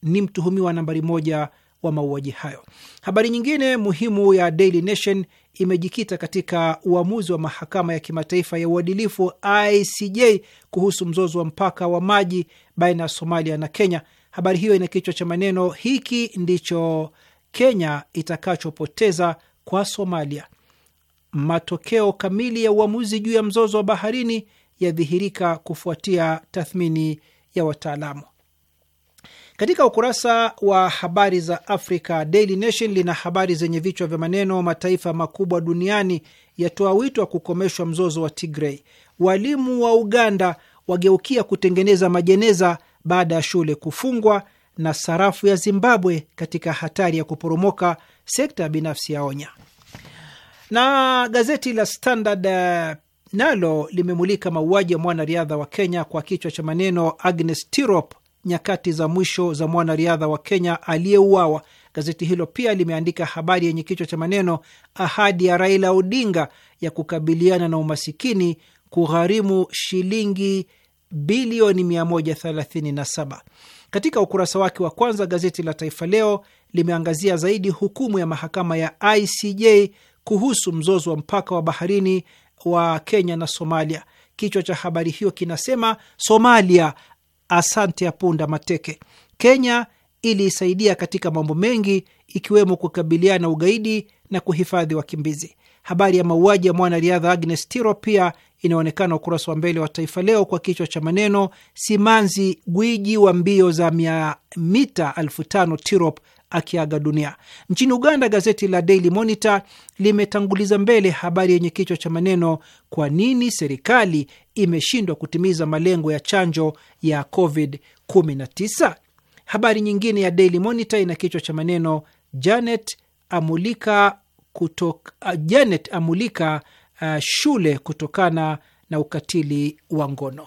ni mtuhumiwa nambari moja wa mauaji hayo. Habari nyingine muhimu ya Daily Nation imejikita katika uamuzi wa mahakama ya kimataifa ya uadilifu ICJ kuhusu mzozo wa mpaka wa maji baina ya Somalia na Kenya Habari hiyo ina kichwa cha maneno hiki ndicho Kenya itakachopoteza kwa Somalia, matokeo kamili ya uamuzi juu ya mzozo wa baharini yadhihirika kufuatia tathmini ya wataalamu. Katika ukurasa wa habari za Africa, Daily Nation lina habari zenye vichwa vya maneno: mataifa makubwa duniani yatoa wito wa kukomeshwa mzozo wa Tigray, walimu wa Uganda wageukia kutengeneza majeneza baada ya shule kufungwa na sarafu ya Zimbabwe katika hatari ya kuporomoka, sekta binafsi onya. Na gazeti la Standard eh, nalo limemulika mauaji ya mwanariadha wa Kenya kwa kichwa cha maneno Agnes Tirop, nyakati za mwisho za mwanariadha wa Kenya aliyeuawa. Gazeti hilo pia limeandika habari yenye kichwa cha maneno ahadi ya Raila Odinga ya kukabiliana na umasikini kugharimu shilingi bilioni 137. Katika ukurasa wake wa kwanza, gazeti la Taifa Leo limeangazia zaidi hukumu ya mahakama ya ICJ kuhusu mzozo wa mpaka wa baharini wa Kenya na Somalia. Kichwa cha habari hiyo kinasema Somalia, asante ya punda mateke. Kenya iliisaidia katika mambo mengi ikiwemo kukabiliana ugaidi na kuhifadhi wakimbizi. Habari ya mauaji ya mwanariadha Agnes Tiro pia inaonekana ukurasa wa mbele wa Taifa Leo kwa kichwa cha maneno simanzi gwiji wa mbio za mia mita elfu tano tirop akiaga dunia. Nchini Uganda, gazeti la Daily Monitor limetanguliza mbele habari yenye kichwa cha maneno kwa nini serikali imeshindwa kutimiza malengo ya chanjo ya COVID-19. Habari nyingine ya Daily Monitor ina kichwa cha maneno Janet amulika, kutoka, uh, Janet amulika uh, shule kutokana na ukatili wa ngono.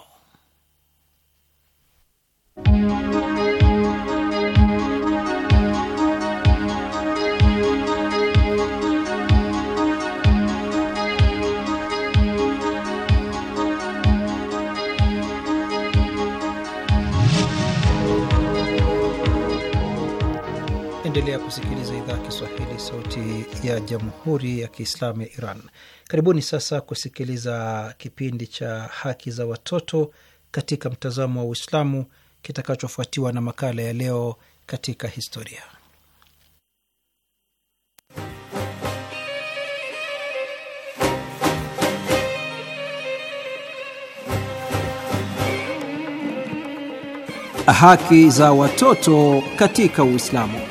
Endelea kusikiliza ya Jamhuri ya Kiislamu ya Iran. Karibuni sasa kusikiliza kipindi cha haki za watoto katika mtazamo wa Uislamu kitakachofuatiwa na makala ya leo katika historia. Haki za watoto katika Uislamu.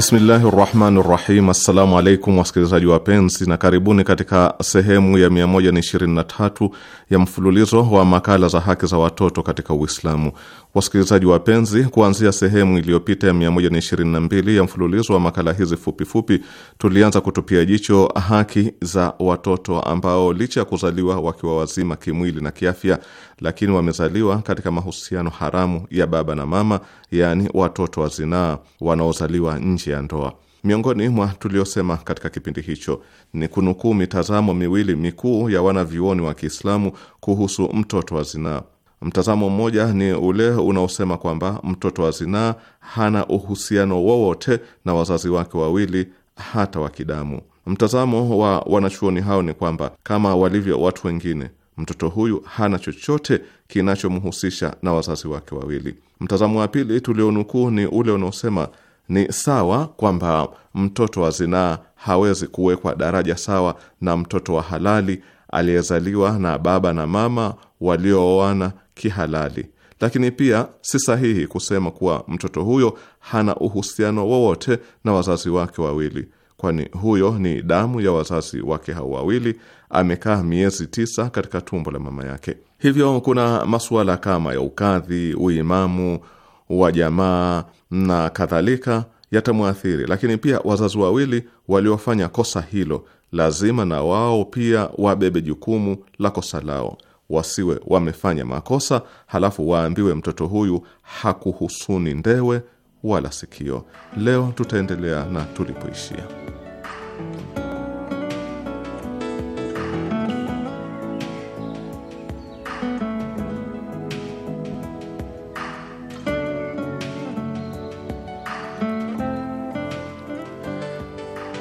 Bismillahi rahmani rahim. Assalamu alaikum wasikilizaji wapenzi, na karibuni katika sehemu ya 123 ya mfululizo wa makala za haki za watoto katika Uislamu. Wasikilizaji wapenzi, kuanzia sehemu iliyopita ya 122 ya mfululizo wa makala hizi fupifupi fupi, tulianza kutupia jicho haki za watoto ambao licha ya kuzaliwa wakiwa wazima kimwili na kiafya, lakini wamezaliwa katika mahusiano haramu ya baba na mama, yaani watoto wa zinaa wanaozaliwa nje ya ndoa. Miongoni mwa tuliosema katika kipindi hicho ni kunukuu mitazamo miwili mikuu ya wanavyuoni wa Kiislamu kuhusu mtoto wa zinaa. Mtazamo mmoja ni ule unaosema kwamba mtoto wa zinaa hana uhusiano wowote na wazazi wake wawili hata wa kidamu. Mtazamo wa wanachuoni hao ni kwamba kama walivyo watu wengine, mtoto huyu hana chochote kinachomhusisha na wazazi wake wawili. Mtazamo wa pili tulionukuu ni ule unaosema ni sawa kwamba mtoto wa zinaa hawezi kuwekwa daraja sawa na mtoto wa halali aliyezaliwa na baba na mama waliooana kihalali. Lakini pia si sahihi kusema kuwa mtoto huyo hana uhusiano wowote na wazazi wake wawili, kwani huyo ni damu ya wazazi wake hao wawili. Amekaa miezi tisa katika tumbo la mama yake. Hivyo kuna masuala kama ya ukadhi, uimamu wa jamaa na kadhalika yatamwathiri, lakini pia wazazi wawili waliofanya kosa hilo lazima na wao pia wabebe jukumu la kosa lao. Wasiwe wamefanya makosa halafu waambiwe mtoto huyu hakuhusuni ndewe wala sikio. Leo tutaendelea na tulipoishia.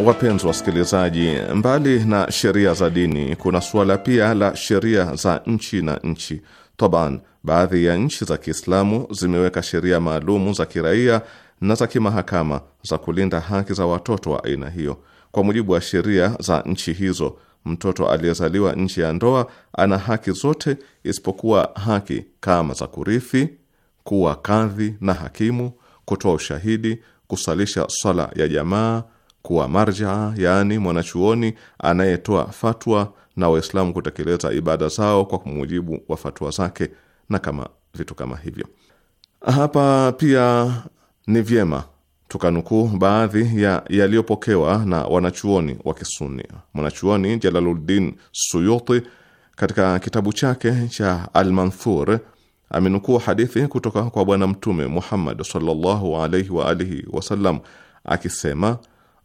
Wapenzi wasikilizaji, mbali na sheria za dini, kuna suala pia la sheria za nchi na nchi taban. Baadhi ya nchi za Kiislamu zimeweka sheria maalumu za kiraia na za kimahakama za kulinda haki za watoto wa aina hiyo. Kwa mujibu wa sheria za nchi hizo, mtoto aliyezaliwa nje ya ndoa ana haki zote isipokuwa haki kama za kurithi, kuwa kadhi na hakimu, kutoa ushahidi, kusalisha swala ya jamaa kuwa marjaa, yaani mwanachuoni anayetoa fatwa na Waislamu kutekeleza ibada zao kwa mujibu wa fatwa zake na kama vitu kama hivyo. Hapa pia ni vyema tukanukuu baadhi ya yaliyopokewa na wanachuoni wa Kisuni. Mwanachuoni Jalaluddin Suyuti katika kitabu chake cha Almanthur amenukuu hadithi kutoka kwa Bwana Mtume Muhammad sallallahu alaihi wa alihi wasallam akisema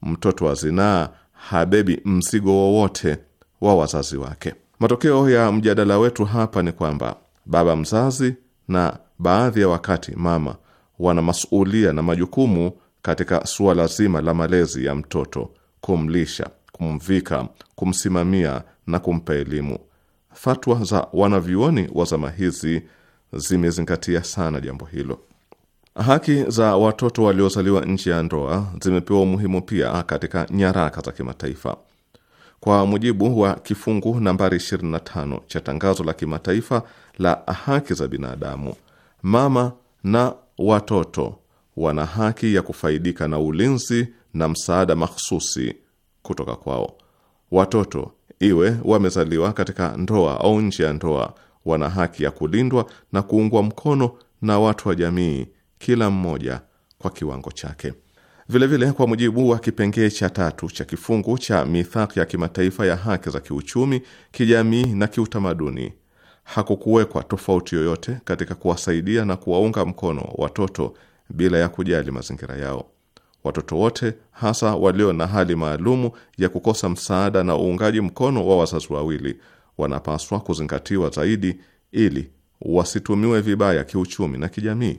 mtoto wa zinaa habebi mzigo wowote wa wazazi wake. Matokeo ya mjadala wetu hapa ni kwamba baba mzazi na baadhi ya wakati mama wana masuulia na majukumu katika suala zima la malezi ya mtoto, kumlisha, kumvika, kumsimamia na kumpa elimu. Fatwa za wanavyuoni wa zama hizi zimezingatia sana jambo hilo. Haki za watoto waliozaliwa nje ya ndoa zimepewa umuhimu pia katika nyaraka za kimataifa. Kwa mujibu wa kifungu nambari 25 cha tangazo la kimataifa la haki za binadamu, mama na watoto wana haki ya kufaidika na ulinzi na msaada mahsusi kutoka kwao. Watoto, iwe wamezaliwa katika ndoa au nje ya ndoa, wana haki ya kulindwa na kuungwa mkono na watu wa jamii kila mmoja kwa kiwango chake. Vilevile vile, kwa mujibu wa kipengee cha tatu cha kifungu cha mithaki ya kimataifa ya haki za kiuchumi, kijamii na kiutamaduni, hakukuwekwa tofauti yoyote katika kuwasaidia na kuwaunga mkono watoto bila ya kujali mazingira yao. Watoto wote hasa walio na hali maalumu ya kukosa msaada na uungaji mkono wa wazazi wawili wanapaswa kuzingatiwa zaidi ili wasitumiwe vibaya kiuchumi na kijamii.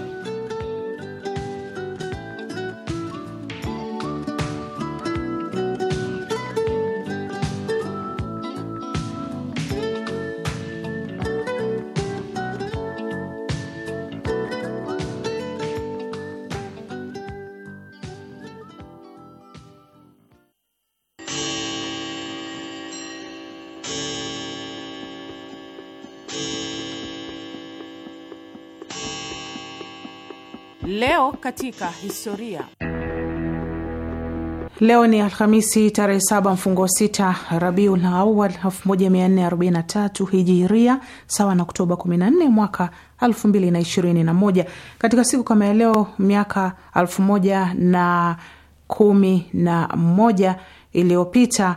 katika historia. Leo ni Alhamisi tarehe 7 mfungo 6 Rabiul Awal 1443 Hijiria, sawa na Oktoba 14 mwaka 2021. Katika siku kama ya leo miaka 1011 iliyopita,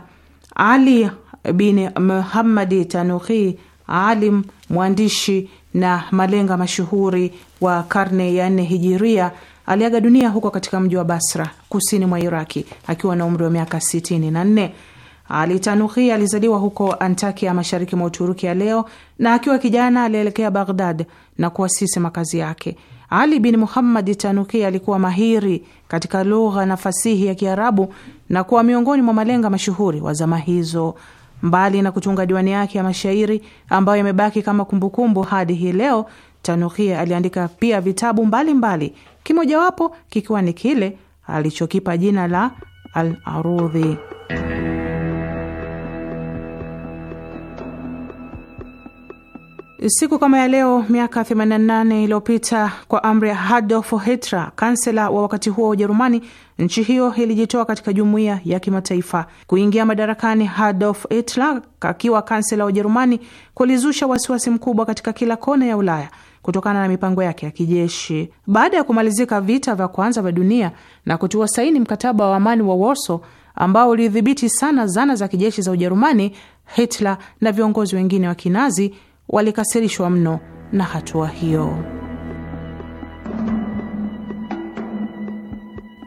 Ali bin Muhammadi Tanuhi, alim mwandishi na malenga mashuhuri wa karne ya nne Hijiria aliaga dunia huko katika mji wa Basra kusini mwa Iraki akiwa na umri wa miaka 64. Ali Tanuhi alizaliwa huko Antakia, mashariki mwa Uturuki ya leo, na akiwa kijana alielekea Baghdad na kuasisi makazi yake. Ali bin Muhammad Tanuki alikuwa mahiri katika lugha na fasihi ya Kiarabu na kuwa miongoni mwa malenga mashuhuri wa zama hizo. Mbali na kutunga diwani yake ya mashairi ambayo yamebaki kama kumbukumbu hadi hii leo, Tanuki aliandika pia vitabu mbalimbali mbali kimojawapo kikiwa ni kile alichokipa jina la al-arudhi. Siku kama ya leo miaka 88 iliyopita kwa amri ya Adolf Hitler, kansela wa wakati huo wa Ujerumani, nchi hiyo ilijitoa katika jumuiya ya kimataifa. Kuingia madarakani Adolf Hitler akiwa kansela wa Ujerumani kulizusha wasiwasi mkubwa katika kila kona ya Ulaya kutokana na mipango yake ya kijeshi. Baada ya kumalizika vita vya kwanza vya dunia na kutiwa saini mkataba wa amani wa Warsaw ambao ulidhibiti sana zana za kijeshi za Ujerumani, Hitler na viongozi wengine wa Kinazi walikasirishwa mno na hatua hiyo.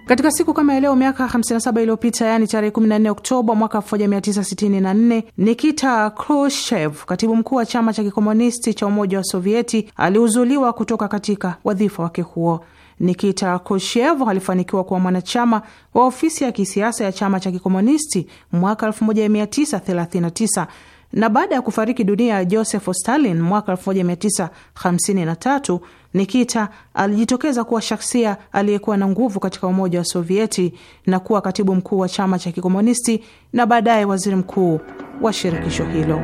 Katika siku kama ya leo miaka 57 iliyopita, yaani tarehe 14 Oktoba mwaka 1964, Nikita Khrushchev, katibu mkuu wa chama cha kikomunisti cha Umoja wa Sovieti, aliuzuliwa kutoka katika wadhifa wake huo. Nikita Khrushchev alifanikiwa kuwa mwanachama wa ofisi ya kisiasa ya chama cha kikomunisti mwaka 1939 na baada ya kufariki dunia ya Joseph Stalin mwaka 1953, Nikita alijitokeza kuwa shaksia aliyekuwa na nguvu katika Umoja wa Sovieti na kuwa katibu mkuu wa chama cha Kikomunisti na baadaye waziri mkuu wa shirikisho hilo.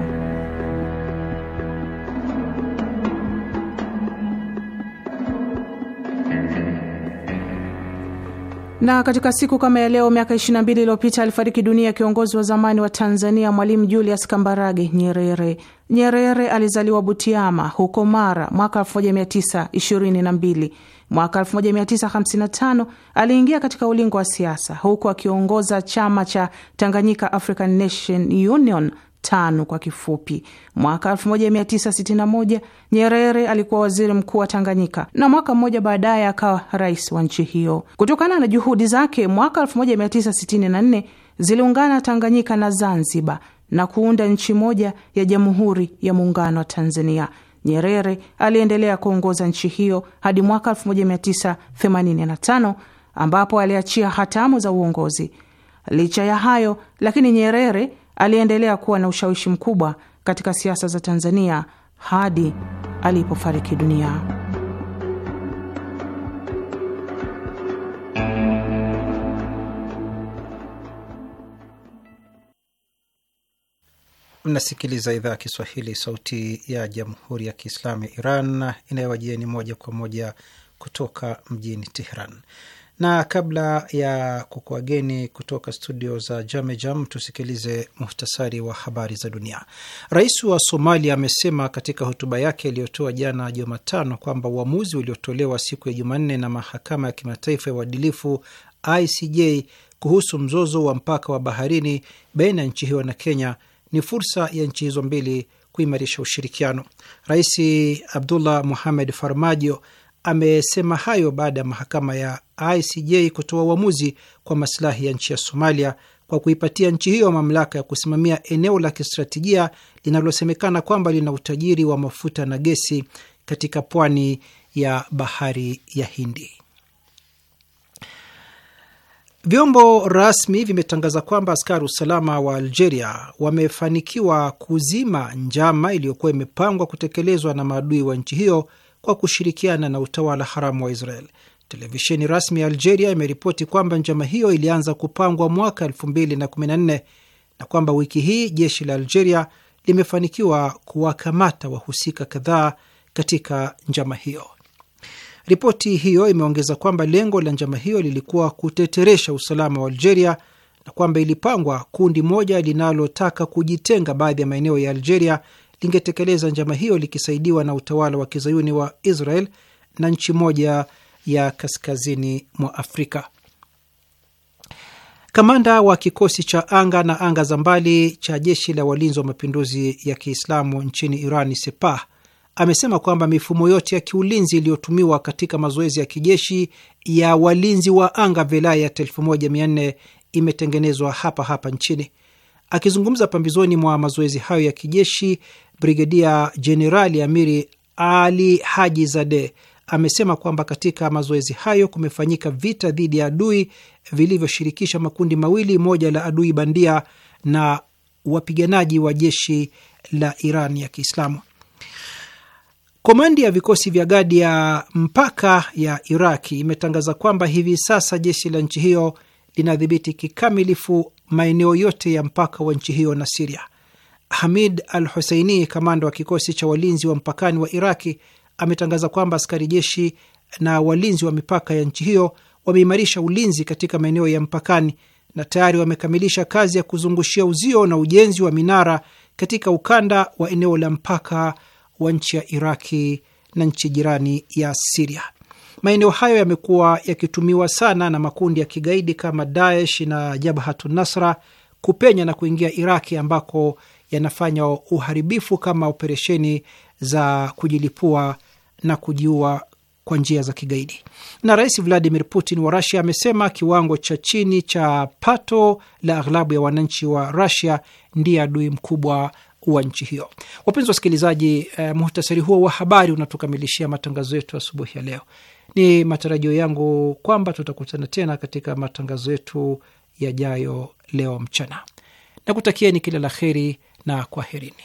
Na katika siku kama ya leo miaka 22 iliyopita alifariki dunia kiongozi wa zamani wa Tanzania Mwalimu Julius Kambarage Nyerere. Nyerere alizaliwa Butiama huko Mara mwaka 1922. Mwaka 1955 aliingia katika ulingo wa siasa huku akiongoza chama cha Tanganyika African Nation Union tano kwa kifupi. Mwaka 1961 Nyerere alikuwa waziri mkuu wa Tanganyika na mwaka mmoja baadaye akawa rais wa nchi hiyo. Kutokana na juhudi zake, mwaka 1964 ziliungana Tanganyika na Zanzibar na kuunda nchi moja ya Jamhuri ya Muungano wa Tanzania. Nyerere aliendelea kuongoza nchi hiyo hadi mwaka 1985 ambapo aliachia hatamu za uongozi. Licha ya hayo, lakini Nyerere aliendelea kuwa na ushawishi mkubwa katika siasa za Tanzania hadi alipofariki dunia. Mnasikiliza idhaa ya Kiswahili, sauti ya jamhuri ya kiislamu ya Iran inayowajieni moja kwa moja kutoka mjini teheran na kabla ya kukuageni kutoka studio za Jamejam, tusikilize muhtasari wa habari za dunia. Rais wa Somalia amesema katika hotuba yake aliyotoa jana Jumatano kwamba uamuzi uliotolewa siku ya Jumanne na mahakama ya kimataifa ya uadilifu ICJ kuhusu mzozo wa mpaka wa baharini baina ya nchi hiyo na Kenya ni fursa ya nchi hizo mbili kuimarisha ushirikiano. Rais Abdullah Mohamed Farmajo amesema hayo baada ya mahakama ya ICJ kutoa uamuzi kwa masilahi ya nchi ya Somalia kwa kuipatia nchi hiyo mamlaka ya kusimamia eneo la kistratejia linalosemekana kwamba lina utajiri wa mafuta na gesi katika pwani ya bahari ya Hindi. Vyombo rasmi vimetangaza kwamba askari usalama wa Algeria wamefanikiwa kuzima njama iliyokuwa imepangwa kutekelezwa na maadui wa nchi hiyo kwa kushirikiana na utawala haramu wa Israel. Televisheni rasmi ya Algeria imeripoti kwamba njama hiyo ilianza kupangwa mwaka 2014 na kwamba wiki hii jeshi la Algeria limefanikiwa kuwakamata wahusika kadhaa katika njama hiyo. Ripoti hiyo imeongeza kwamba lengo la njama hiyo lilikuwa kuteteresha usalama wa Algeria na kwamba ilipangwa kundi moja linalotaka kujitenga baadhi ya maeneo ya Algeria lingetekeleza njama hiyo likisaidiwa na utawala wa kizayuni wa Israel na nchi moja ya kaskazini mwa Afrika. Kamanda wa kikosi cha anga na anga za mbali cha jeshi la walinzi wa mapinduzi ya Kiislamu nchini Iran, Sepah, amesema kwamba mifumo yote ya kiulinzi iliyotumiwa katika mazoezi ya kijeshi ya walinzi wa anga Velayat 1400 imetengenezwa hapa hapa nchini. Akizungumza pambizoni mwa mazoezi hayo ya kijeshi Brigedia Jenerali Amiri Ali Haji Zade amesema kwamba katika mazoezi hayo kumefanyika vita dhidi ya adui vilivyoshirikisha makundi mawili, moja la adui bandia na wapiganaji wa jeshi la Iran ya Kiislamu. Komandi ya vikosi vya gadi ya mpaka ya Iraki imetangaza kwamba hivi sasa jeshi la nchi hiyo linadhibiti kikamilifu maeneo yote ya mpaka wa nchi hiyo na Siria. Hamid al Huseini, kamanda wa kikosi cha walinzi wa mpakani wa Iraki, ametangaza kwamba askari jeshi na walinzi wa mipaka ya nchi hiyo wameimarisha ulinzi katika maeneo ya mpakani na tayari wamekamilisha kazi ya kuzungushia uzio na ujenzi wa minara katika ukanda wa eneo la mpaka wa nchi ya Iraki na nchi jirani ya Siria. Maeneo hayo yamekuwa yakitumiwa sana na makundi ya kigaidi kama Daesh na jabhatunasra Nasra kupenya na kuingia Iraki ambako yanafanya uharibifu kama operesheni za kujilipua na kujiua kwa njia za kigaidi. Na Rais Vladimir Putin wa Rusia amesema kiwango cha chini cha pato la aghlabu ya wananchi wa Rusia ndiye adui mkubwa wa nchi hiyo. Wapenzi wasikilizaji, eh, muhtasari huo wa habari unatukamilishia matangazo yetu asubuhi ya leo. Ni matarajio yangu kwamba tutakutana tena katika matangazo yetu yajayo leo mchana. Nakutakieni kila la kheri na kwaherini.